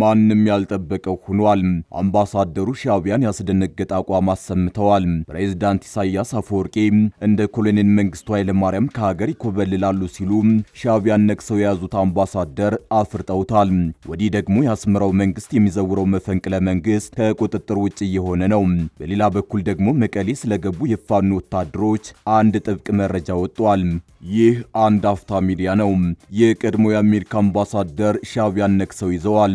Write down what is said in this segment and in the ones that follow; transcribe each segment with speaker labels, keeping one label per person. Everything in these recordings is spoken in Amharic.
Speaker 1: ማንም ያልጠበቀው ሆኗል። አምባሳደሩ ሻቢያን ያስደነገጠ አቋም አሰምተዋል። ፕሬዝዳንት ኢሳያስ አፈወርቂ እንደ ኮሎኔል መንግስቱ ኃይለማርያም ከሀገር ይኮበልላሉ ሲሉ ሻቢያን ነቅሰው የያዙት አምባሳደር አፍርጠውታል። ወዲህ ደግሞ የአስመራው መንግስት የሚዘውረው መፈንቅለ መንግስት ከቁጥጥር ውጭ እየሆነ ነው። በሌላ በኩል ደግሞ መቀሌ ስለገቡ የፋኑ ወታደሮች አንድ ጥብቅ መረጃ ወጥቷል። ይህ አንድ አፍታ ሚዲያ ነው። የቀድሞ የአሜሪካ አምባሳደር ሻቢያን ነክሰው ይዘዋል።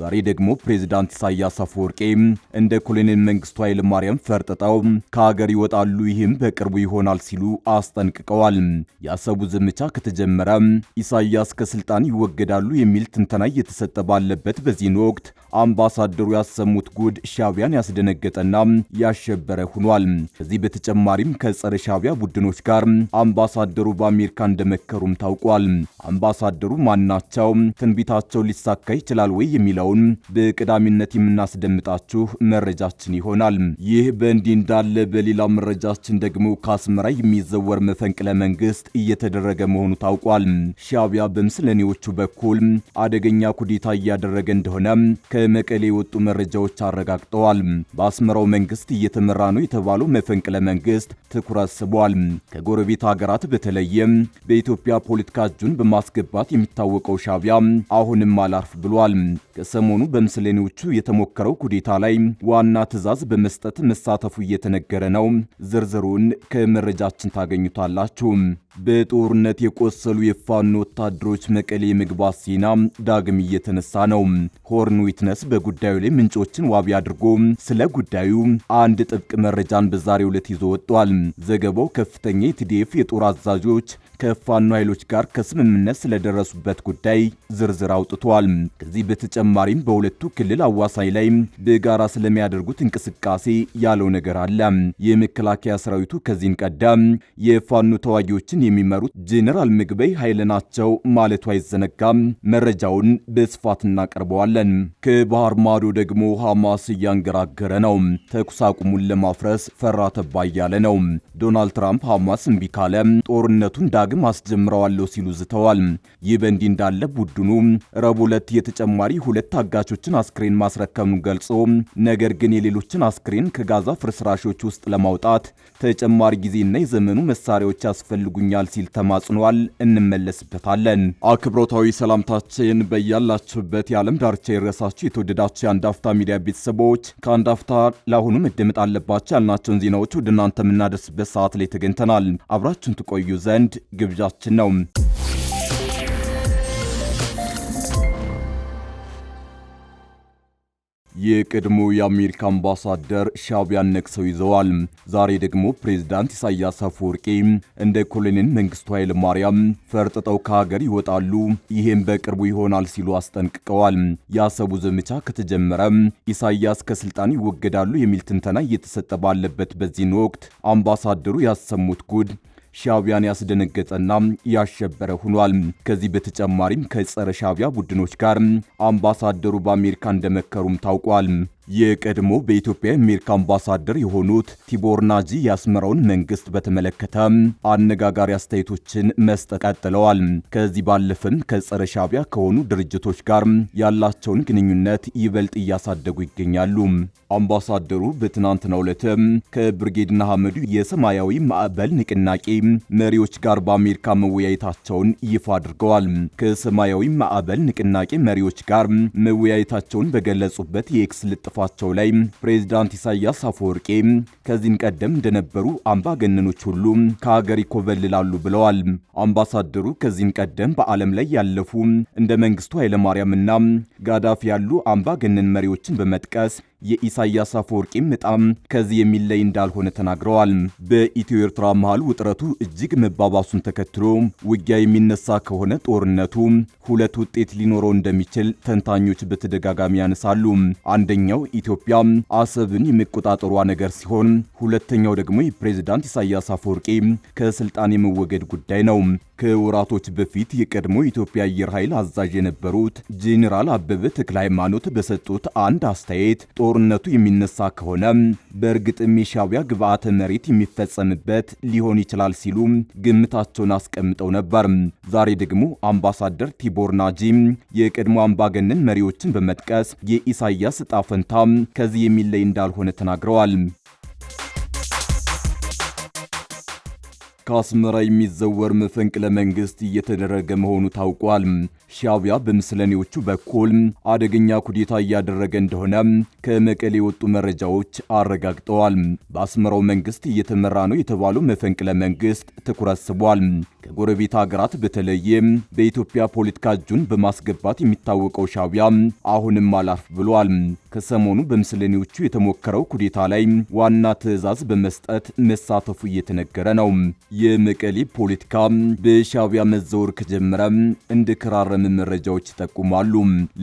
Speaker 1: ዛሬ ደግሞ ፕሬዚዳንት ኢሳያስ አፈወርቄ እንደ ኮሎኔል መንግስቱ ማርያም ፈርጥጠው ከሀገር ይወጣሉ፣ ይህም በቅርቡ ይሆናል ሲሉ አስጠንቅቀዋል። የአሰቡ ዘመቻ ከተጀመረ ኢሳያስ ከስልጣን ይወገዳሉ የሚል ትንተና እየተሰጠ ባለበት በዚህን ወቅት አምባሳደሩ ያሰሙት ጉድ ሻቢያን ያስደነገጠና ያሸበረ ሆኗል። ከዚህ በተጨማሪም ከጸረ ሻቢያ ቡድኖች ጋር አምባሳደሩ በአሜሪካ እንደመከሩም ታውቋል። አምባሳደሩ ማናቸው? ትንቢታቸው ሊሳካ ይችላል ወይ የሚለው መረጃውን በቀዳሚነት የምናስደምጣችሁ መረጃችን ይሆናል። ይህ በእንዲህ እንዳለ በሌላ መረጃችን ደግሞ ከአስመራ የሚዘወር መፈንቅለ መንግስት እየተደረገ መሆኑ ታውቋል። ሻቢያ በምስለኔዎቹ በኩል አደገኛ ኩዴታ እያደረገ እንደሆነ ከመቀሌ የወጡ መረጃዎች አረጋግጠዋል። በአስመራው መንግስት እየተመራ ነው የተባለው መፈንቅለ መንግስት ትኩረት ስቧል። ከጎረቤት ሀገራት በተለየ በኢትዮጵያ ፖለቲካ እጁን በማስገባት የሚታወቀው ሻቢያ አሁንም አላርፍ ብሏል። ከሰሞኑ በምስለኔዎቹ የተሞከረው ኩዴታ ላይ ዋና ትዕዛዝ በመስጠት መሳተፉ እየተነገረ ነው። ዝርዝሩን ከመረጃችን ታገኙታላችሁ። በጦርነት የቆሰሉ የፋኖ ወታደሮች መቀሌ መግባት ዜና ዳግም እየተነሳ ነው። ሆርን ዊትነስ በጉዳዩ ላይ ምንጮችን ዋቢ አድርጎ ስለ ጉዳዩ አንድ ጥብቅ መረጃን በዛሬው ዕለት ይዞ ወጥቷል። ዘገባው ከፍተኛ የቲዲኤፍ የጦር አዛዦች ከፋኖ ኃይሎች ጋር ከስምምነት ስለደረሱበት ጉዳይ ዝርዝር አውጥቷል። ከዚህ በተጨማሪም በሁለቱ ክልል አዋሳኝ ላይ በጋራ ስለሚያደርጉት እንቅስቃሴ ያለው ነገር አለ። የመከላከያ ሰራዊቱ ከዚህን ቀደም የፋኖ ተዋጊዎችን ጦርን የሚመሩት ጄኔራል ምግበይ ኃይለ ናቸው ማለቱ አይዘነጋም። መረጃውን በስፋት እናቀርበዋለን። ከባህር ማዶ ደግሞ ሐማስ እያንገራገረ ነው። ተኩስ አቁሙን ለማፍረስ ፈራ ተባ እያለ ነው። ዶናልድ ትራምፕ ሐማስ እምቢ ካለ ጦርነቱን ዳግም አስጀምረዋለሁ ሲሉ ዝተዋል። ይህ በእንዲህ እንዳለ ቡድኑ ረቡዕ ዕለት የተጨማሪ ሁለት አጋቾችን አስክሬን ማስረከሙን ገልጾ ነገር ግን የሌሎችን አስክሬን ከጋዛ ፍርስራሾች ውስጥ ለማውጣት ተጨማሪ ጊዜና የዘመኑ መሳሪያዎች ያስፈልጉኛል ይገኛል ሲል ተማጽኗል። እንመለስበታለን። አክብሮታዊ ሰላምታችን በያላችሁበት የዓለም ዳርቻ የረሳችሁ የተወደዳችሁ የአንድ አፍታ ሚዲያ ቤተሰቦች ከአንድ አፍታ ለአሁኑ መደመጥ አለባቸው ያልናቸውን ዜናዎች ወደ እናንተ የምናደርስበት ሰዓት ላይ ተገኝተናል። አብራችሁን ትቆዩ ዘንድ ግብዣችን ነው። የቀድሞ የአሜሪካ አምባሳደር ሻቢያን ነቅሰው ይዘዋል። ዛሬ ደግሞ ፕሬዝዳንት ኢሳያስ አፈወርቂ እንደ ኮሎኔል መንግስቱ ኃይለ ማርያም ፈርጥጠው ከሀገር ይወጣሉ፣ ይህም በቅርቡ ይሆናል ሲሉ አስጠንቅቀዋል። የአሰቡ ዘመቻ ከተጀመረ ኢሳያስ ከስልጣን ይወገዳሉ የሚል ትንተና እየተሰጠ ባለበት በዚህን ወቅት አምባሳደሩ ያሰሙት ጉድ ሻቢያን ያስደነገጠና ያሸበረ ሆኗል። ከዚህ በተጨማሪም ከጸረ ሻቢያ ቡድኖች ጋር አምባሳደሩ በአሜሪካ እንደመከሩም ታውቋል። የቀድሞ በኢትዮጵያ የአሜሪካ አምባሳደር የሆኑት ቲቦር ናጂ የአስመራውን መንግስት በተመለከተ አነጋጋሪ አስተያየቶችን መስጠት ቀጥለዋል። ከዚህ ባለፈም ከጸረ ሻቢያ ከሆኑ ድርጅቶች ጋር ያላቸውን ግንኙነት ይበልጥ እያሳደጉ ይገኛሉ። አምባሳደሩ በትናንትናው ዕለት ከብርጌድና ሐመዱ የሰማያዊ ማዕበል ንቅናቄ መሪዎች ጋር በአሜሪካ መወያየታቸውን ይፋ አድርገዋል። ከሰማያዊ ማዕበል ንቅናቄ መሪዎች ጋር መወያየታቸውን በገለጹበት የኤክስ ልጥፋ ጽሑፋቸው ላይ ፕሬዚዳንት ኢሳያስ አፈወርቄ ከዚህን ቀደም እንደነበሩ አምባገነኖች ሁሉ ከሀገር ይኮበልላሉ ብለዋል። አምባሳደሩ ከዚህን ቀደም በዓለም ላይ ያለፉ እንደ መንግስቱ ኃይለማርያምና ጋዳፊ ያሉ አምባገነን መሪዎችን በመጥቀስ የኢሳያስ አፈወርቂም ዕጣም ከዚህ የሚለይ እንዳልሆነ ተናግረዋል። በኢትዮ ኤርትራ መሃል ውጥረቱ እጅግ መባባሱን ተከትሎ ውጊያ የሚነሳ ከሆነ ጦርነቱ ሁለት ውጤት ሊኖረው እንደሚችል ተንታኞች በተደጋጋሚ ያነሳሉ። አንደኛው ኢትዮጵያ አሰብን የመቆጣጠሯ ነገር ሲሆን፣ ሁለተኛው ደግሞ የፕሬዝዳንት ኢሳያስ አፈወርቂ ከስልጣን የመወገድ ጉዳይ ነው። ከወራቶች በፊት የቀድሞ የኢትዮጵያ አየር ኃይል አዛዥ የነበሩት ጄኔራል አበበ ተክለ ሃይማኖት በሰጡት አንድ አስተያየት ጦርነቱ የሚነሳ ከሆነ በእርግጥም የሻቢያ ግብዓተ መሬት የሚፈጸምበት ሊሆን ይችላል ሲሉ ግምታቸውን አስቀምጠው ነበር። ዛሬ ደግሞ አምባሳደር ቲቦር ናጂ የቀድሞ አምባገነን መሪዎችን በመጥቀስ የኢሳያስ እጣ ፈንታ ከዚህ የሚለይ እንዳልሆነ ተናግረዋል። ከአስመራ የሚዘወር መፈንቅለ መንግስት እየተደረገ መሆኑ ታውቋል። ሻቢያ በምስለኔዎቹ በኩል አደገኛ ኩዴታ እያደረገ እንደሆነ ከመቀሌ የወጡ መረጃዎች አረጋግጠዋል። በአስመራው መንግስት እየተመራ ነው የተባለው መፈንቅለ መንግስት ትኩረት ስቧል። ከጎረቤት ሀገራት በተለየ በኢትዮጵያ ፖለቲካ እጁን በማስገባት የሚታወቀው ሻቢያ አሁንም አላርፍ ብሏል። ከሰሞኑ በምስለኔዎቹ የተሞከረው ኩዴታ ላይ ዋና ትዕዛዝ በመስጠት መሳተፉ እየተነገረ ነው። የመቀሌ ፖለቲካ በሻቢያ መዘወር ከጀመረ እንደ ክራረ የደም መረጃዎች ይጠቁማሉ።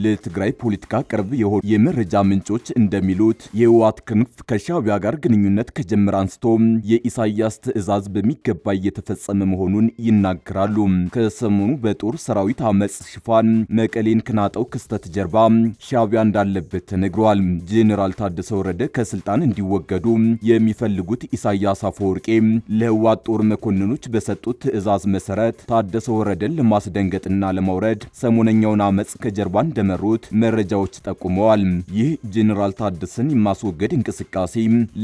Speaker 1: ለትግራይ ፖለቲካ ቅርብ የሆኑ የመረጃ ምንጮች እንደሚሉት የህወሓት ክንፍ ከሻቢያ ጋር ግንኙነት ከጀመረ አንስቶ የኢሳያስ ትዕዛዝ በሚገባ እየተፈጸመ መሆኑን ይናገራሉ። ከሰሞኑ በጦር ሰራዊት አመፅ ሽፋን መቀሌን ከናጠው ክስተት ጀርባ ሻቢያ እንዳለበት ተነግሯል። ጄኔራል ታደሰ ወረደ ከስልጣን እንዲወገዱ የሚፈልጉት ኢሳያስ አፈወርቄ ለህወሓት ጦር መኮንኖች በሰጡት ትዕዛዝ መሰረት ታደሰ ወረደን ለማስደንገጥና ለማውረድ ሰሞነኛውን አመፅ ከጀርባ እንደመሩት መረጃዎች ጠቁመዋል። ይህ ጄኔራል ታደሰን የማስወገድ እንቅስቃሴ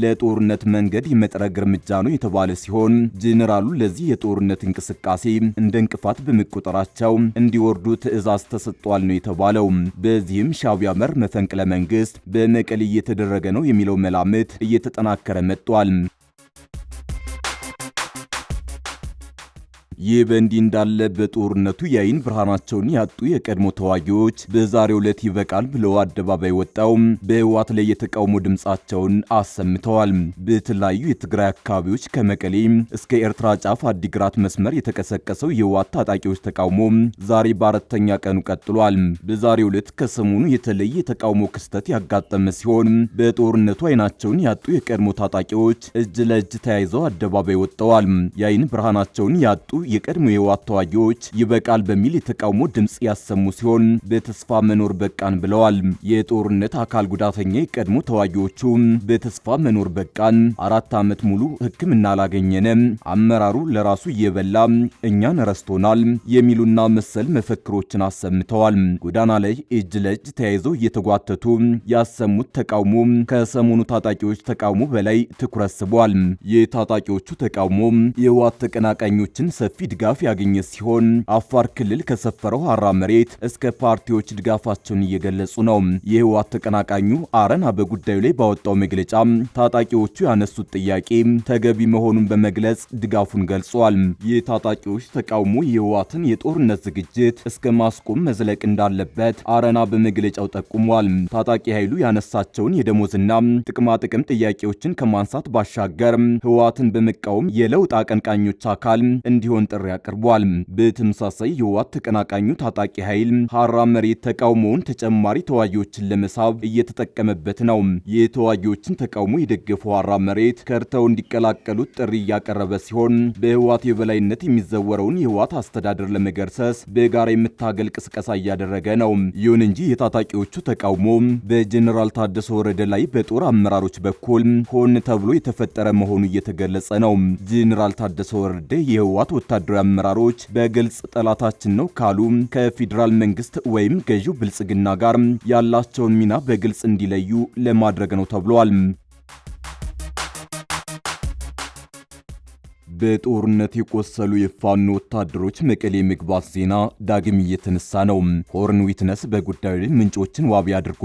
Speaker 1: ለጦርነት መንገድ የመጥረግ እርምጃ ነው የተባለ ሲሆን ጄኔራሉ ለዚህ የጦርነት እንቅስቃሴ እንደ እንቅፋት በመቆጠራቸው እንዲወርዱ ትዕዛዝ ተሰጥቷል ነው የተባለው። በዚህም ሻቢያ መር መፈንቅለ መንግስት በመቀሌ እየተደረገ ነው የሚለው መላምት እየተጠናከረ መጥቷል። ይህ በእንዲህ እንዳለ በጦርነቱ የአይን ብርሃናቸውን ያጡ የቀድሞ ተዋጊዎች በዛሬው ዕለት ይበቃል ብለው አደባባይ ወጣው በህወሓት ላይ የተቃውሞ ድምፃቸውን አሰምተዋል። በተለያዩ የትግራይ አካባቢዎች ከመቀሌ እስከ ኤርትራ ጫፍ አዲግራት መስመር የተቀሰቀሰው የህወሓት ታጣቂዎች ተቃውሞ ዛሬ በአራተኛ ቀኑ ቀጥሏል። በዛሬው ዕለት ከሰሞኑ የተለየ የተቃውሞ ክስተት ያጋጠመ ሲሆን በጦርነቱ አይናቸውን ያጡ የቀድሞ ታጣቂዎች እጅ ለእጅ ተያይዘው አደባባይ ወጥተዋል። የአይን ብርሃናቸውን ያጡ የቀድሞ የህወሓት ተዋጊዎች ይበቃል በሚል የተቃውሞ ድምፅ ያሰሙ ሲሆን በተስፋ መኖር በቃን ብለዋል። የጦርነት አካል ጉዳተኛ የቀድሞ ተዋጊዎቹ በተስፋ መኖር በቃን፣ አራት ዓመት ሙሉ ህክምና አላገኘንም፣ አመራሩ ለራሱ እየበላ እኛን ረስቶናል የሚሉና መሰል መፈክሮችን አሰምተዋል። ጎዳና ላይ እጅ ለእጅ ተያይዘው እየተጓተቱ ያሰሙት ተቃውሞ ከሰሞኑ ታጣቂዎች ተቃውሞ በላይ ትኩረት ስቧል። የታጣቂዎቹ ተቃውሞ የህወሓት ተቀናቃኞችን ሰፊ ሰፊ ድጋፍ ያገኘ ሲሆን አፋር ክልል ከሰፈረው አራ መሬት እስከ ፓርቲዎች ድጋፋቸውን እየገለጹ ነው። የህወሓት ተቀናቃኙ አረና በጉዳዩ ላይ ባወጣው መግለጫ ታጣቂዎቹ ያነሱት ጥያቄ ተገቢ መሆኑን በመግለጽ ድጋፉን ገልጿል። የታጣቂዎች ተቃውሞ የህወሓትን የጦርነት ዝግጅት እስከ ማስቆም መዝለቅ እንዳለበት አረና በመግለጫው ጠቁሟል። ታጣቂ ኃይሉ ያነሳቸውን የደሞዝና ጥቅማጥቅም ጥያቄዎችን ከማንሳት ባሻገር ህወሓትን በመቃወም የለውጥ አቀንቃኞች አካል እንዲሆን እንዲቆም ጥሪ አቅርቧል። በተመሳሳይ የህወሓት ተቀናቃኙ ታጣቂ ኃይል ሐራ መሬት ተቃውሞውን ተጨማሪ ተዋጊዎችን ለመሳብ እየተጠቀመበት ነው። የተዋጊዎችን ተቃውሞ የደገፉ ሐራ መሬት ከርተው እንዲቀላቀሉት ጥሪ እያቀረበ ሲሆን በህወሓት የበላይነት የሚዘወረውን የህወሓት አስተዳደር ለመገርሰስ በጋራ የምታገል ቅስቀሳ እያደረገ ነው። ይሁን እንጂ የታጣቂዎቹ ተቃውሞ በጀኔራል ታደሰ ወረደ ላይ በጦር አመራሮች በኩል ሆን ተብሎ የተፈጠረ መሆኑ እየተገለጸ ነው። ጀኔራል ታደሰ ወረደ የህወሓት ወታ ወታደራዊ አመራሮች በግልጽ ጠላታችን ነው ካሉ ከፌዴራል መንግስት ወይም ገዢው ብልጽግና ጋር ያላቸውን ሚና በግልጽ እንዲለዩ ለማድረግ ነው ተብሏል። በጦርነት የቆሰሉ የፋኖ ወታደሮች መቀሌ መግባት ዜና ዳግም እየተነሳ ነው። ሆርን ዊትነስ በጉዳዩ ላይ ምንጮችን ዋቢ አድርጎ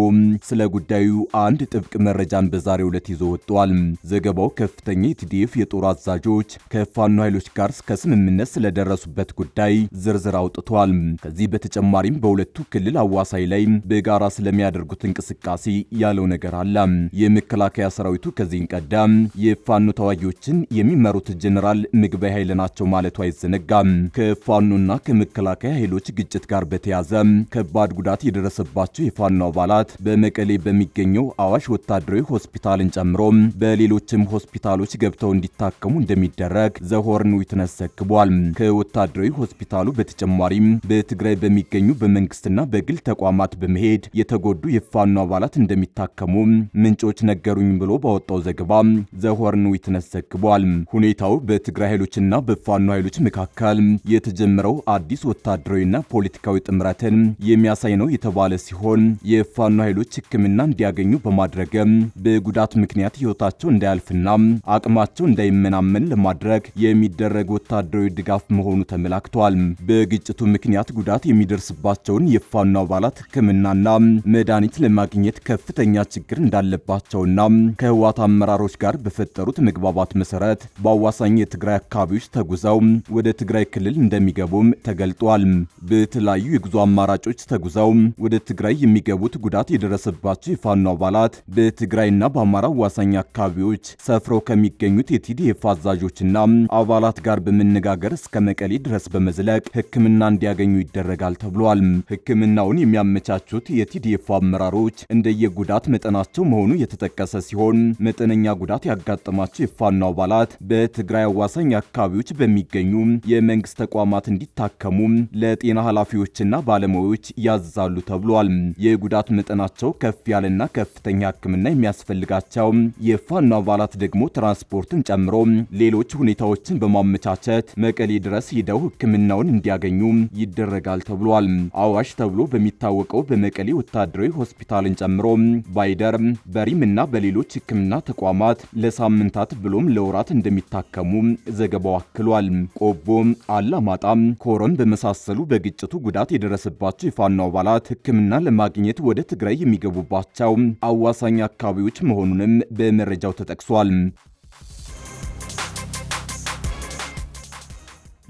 Speaker 1: ስለ ጉዳዩ አንድ ጥብቅ መረጃን በዛሬው ዕለት ይዞ ወጥቷል። ዘገባው ከፍተኛ የቲዲኤፍ የጦር አዛዦች ከፋኖ ኃይሎች ጋር እስከ ስምምነት ስለደረሱበት ጉዳይ ዝርዝር አውጥቷል። ከዚህ በተጨማሪም በሁለቱ ክልል አዋሳኝ ላይ በጋራ ስለሚያደርጉት እንቅስቃሴ ያለው ነገር አለ። የመከላከያ ሰራዊቱ ከዚህ ቀደም የፋኖ ተዋጊዎችን የሚመሩት ጀኔራል ጀነራል ምግበይ ኃይል ናቸው ማለቱ አይዘነጋም። ከፋኖና ከመከላከያ ኃይሎች ግጭት ጋር በተያዘ ከባድ ጉዳት የደረሰባቸው የፋኖ አባላት በመቀሌ በሚገኘው አዋሽ ወታደራዊ ሆስፒታልን ጨምሮ በሌሎችም ሆስፒታሎች ገብተው እንዲታከሙ እንደሚደረግ ዘሆርን ዊትነስ ዘግቧል። ከወታደራዊ ሆስፒታሉ በተጨማሪም በትግራይ በሚገኙ በመንግስትና በግል ተቋማት በመሄድ የተጎዱ የፋኖ አባላት እንደሚታከሙ ምንጮች ነገሩኝ ብሎ ባወጣው ዘገባ ዘሆርን ዊትነስ ዘግቧል። ሁኔታው በት በትግራይ ኃይሎችና በፋኖ ኃይሎች መካከል የተጀመረው አዲስ ወታደራዊና ፖለቲካዊ ጥምረትን የሚያሳይ ነው የተባለ ሲሆን የፋኖ ኃይሎች ሕክምና እንዲያገኙ በማድረግም በጉዳት ምክንያት ሕይወታቸው እንዳያልፍና አቅማቸው እንዳይመናመን ለማድረግ የሚደረግ ወታደራዊ ድጋፍ መሆኑ ተመላክቷል። በግጭቱ ምክንያት ጉዳት የሚደርስባቸውን የፋኖ አባላት ሕክምናና መድኃኒት ለማግኘት ከፍተኛ ችግር እንዳለባቸውና ከህዋት አመራሮች ጋር በፈጠሩት መግባባት መሰረት በአዋሳኝ ትግራይ አካባቢዎች ተጉዘው ወደ ትግራይ ክልል እንደሚገቡም ተገልጧል። በተለያዩ የጉዞ አማራጮች ተጉዘው ወደ ትግራይ የሚገቡት ጉዳት የደረሰባቸው የፋኖ አባላት በትግራይና በአማራ አዋሳኝ አካባቢዎች ሰፍረው ከሚገኙት የቲዲኤፍ አዛዦችና አባላት ጋር በመነጋገር እስከ መቀሌ ድረስ በመዝለቅ ሕክምና እንዲያገኙ ይደረጋል ተብሏል። ሕክምናውን የሚያመቻቹት የቲዲኤፍ አመራሮች እንደየጉዳት መጠናቸው መሆኑ የተጠቀሰ ሲሆን መጠነኛ ጉዳት ያጋጠማቸው የፋኖ አባላት በትግራይ አዋ በተመሳሳይ አካባቢዎች በሚገኙ የመንግስት ተቋማት እንዲታከሙ ለጤና ኃላፊዎችና ባለሙያዎች ያዝዛሉ ተብሏል። የጉዳት መጠናቸው ከፍ ያለና ከፍተኛ ሕክምና የሚያስፈልጋቸው የፋኖ አባላት ደግሞ ትራንስፖርትን ጨምሮ ሌሎች ሁኔታዎችን በማመቻቸት መቀሌ ድረስ ሂደው ሕክምናውን እንዲያገኙ ይደረጋል ተብሏል። አዋሽ ተብሎ በሚታወቀው በመቀሌ ወታደራዊ ሆስፒታልን ጨምሮ ባይደር፣ በሪም እና በሌሎች ሕክምና ተቋማት ለሳምንታት ብሎም ለወራት እንደሚታከሙ ዘገባው አክሏል። ቆቦ፣ አላማጣ፣ ኮረም በመሳሰሉ በግጭቱ ጉዳት የደረሰባቸው የፋኖ አባላት ሕክምና ለማግኘት ወደ ትግራይ የሚገቡባቸው አዋሳኝ አካባቢዎች መሆኑንም በመረጃው ተጠቅሷል።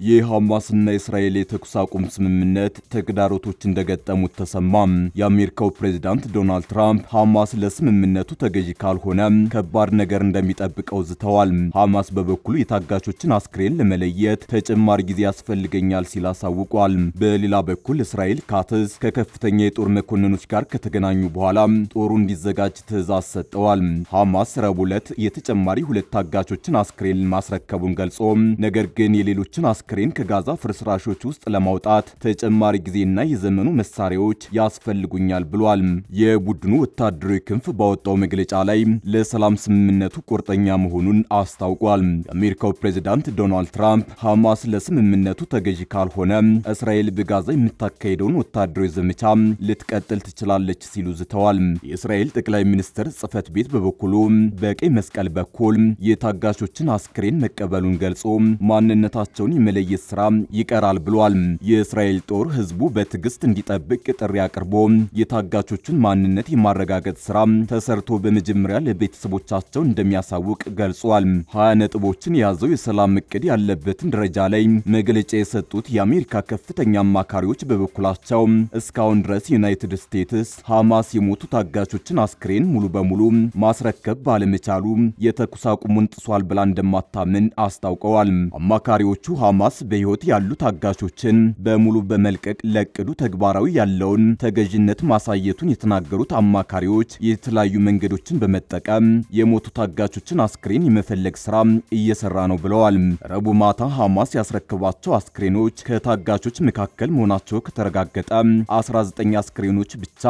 Speaker 1: የሐማስና የእስራኤል የተኩስ አቁም ስምምነት ተግዳሮቶች እንደገጠሙት ተሰማም። የአሜሪካው ፕሬዚዳንት ዶናልድ ትራምፕ ሐማስ ለስምምነቱ ተገዢ ካልሆነ ከባድ ነገር እንደሚጠብቀው ዝተዋል። ሐማስ በበኩሉ የታጋቾችን አስክሬን ለመለየት ተጨማሪ ጊዜ ያስፈልገኛል ሲል አሳውቋል። በሌላ በኩል እስራኤል ካትስ ከከፍተኛ የጦር መኮንኖች ጋር ከተገናኙ በኋላ ጦሩ እንዲዘጋጅ ትዕዛዝ ሰጠዋል። ሐማስ ረቡዕ ዕለት የተጨማሪ ሁለት ታጋቾችን አስክሬን ማስረከቡን ገልጾ ነገር ግን የሌሎችን አስክሬን አስክሬን ከጋዛ ፍርስራሾች ውስጥ ለማውጣት ተጨማሪ ጊዜና የዘመኑ መሳሪያዎች ያስፈልጉኛል ብሏል። የቡድኑ ወታደራዊ ክንፍ ባወጣው መግለጫ ላይ ለሰላም ስምምነቱ ቁርጠኛ መሆኑን አስታውቋል። የአሜሪካው ፕሬዚዳንት ዶናልድ ትራምፕ ሐማስ ለስምምነቱ ተገዢ ካልሆነ እስራኤል በጋዛ የምታካሄደውን ወታደራዊ ዘመቻ ልትቀጥል ትችላለች ሲሉ ዝተዋል። የእስራኤል ጠቅላይ ሚኒስትር ጽህፈት ቤት በበኩሉ በቀይ መስቀል በኩል የታጋቾችን አስክሬን መቀበሉን ገልጾ ማንነታቸውን የመለ የመለየት ስራ ይቀራል ብሏል። የእስራኤል ጦር ህዝቡ በትዕግስት እንዲጠብቅ ጥሪ አቅርቦ የታጋቾቹን ማንነት የማረጋገጥ ስራ ተሰርቶ በመጀመሪያ ለቤተሰቦቻቸው እንደሚያሳውቅ ገልጿል። ሀያ ነጥቦችን የያዘው የሰላም እቅድ ያለበትን ደረጃ ላይ መግለጫ የሰጡት የአሜሪካ ከፍተኛ አማካሪዎች በበኩላቸው እስካሁን ድረስ ዩናይትድ ስቴትስ ሐማስ የሞቱ ታጋቾችን አስክሬን ሙሉ በሙሉ ማስረከብ ባለመቻሉ የተኩስ አቁሙን ጥሷል ብላ እንደማታምን አስታውቀዋል። አማካሪዎቹ ሐማስ ሐማስ በሕይወት ያሉ ታጋቾችን በሙሉ በመልቀቅ ለቅዱ ተግባራዊ ያለውን ተገዥነት ማሳየቱን የተናገሩት አማካሪዎች የተለያዩ መንገዶችን በመጠቀም የሞቱ ታጋቾችን አስክሬን የመፈለግ ስራ እየሰራ ነው ብለዋል። ረቡዕ ማታ ሐማስ ያስረክባቸው አስክሬኖች ከታጋቾች መካከል መሆናቸው ከተረጋገጠ 19 አስክሬኖች ብቻ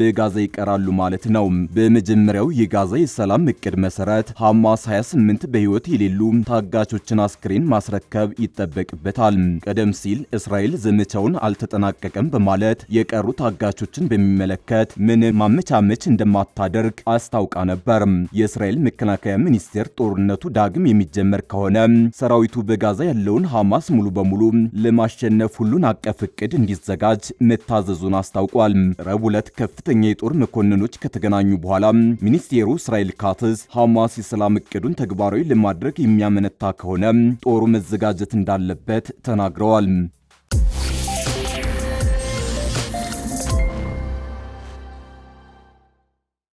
Speaker 1: በጋዛ ይቀራሉ ማለት ነው። በመጀመሪያው የጋዛ የሰላም እቅድ መሰረት ሐማስ 28 በሕይወት የሌሉ ታጋቾችን አስክሬን ማስረከብ ይጠበቃል። ይጠበቅበታል። ቀደም ሲል እስራኤል ዘመቻውን አልተጠናቀቀም በማለት የቀሩ ታጋቾችን በሚመለከት ምን ማመቻመች እንደማታደርግ አስታውቃ ነበር። የእስራኤል መከላከያ ሚኒስቴር ጦርነቱ ዳግም የሚጀመር ከሆነ ሰራዊቱ በጋዛ ያለውን ሐማስ ሙሉ በሙሉ ለማሸነፍ ሁሉን አቀፍ እቅድ እንዲዘጋጅ መታዘዙን አስታውቋል። ረቡዕ ዕለት ከፍተኛ የጦር መኮንኖች ከተገናኙ በኋላ ሚኒስቴሩ እስራኤል ካትዝ ሐማስ የሰላም እቅዱን ተግባራዊ ለማድረግ የሚያመነታ ከሆነ ጦሩ መዘጋጀት እንዳለ እንዳለበት ተናግረዋል።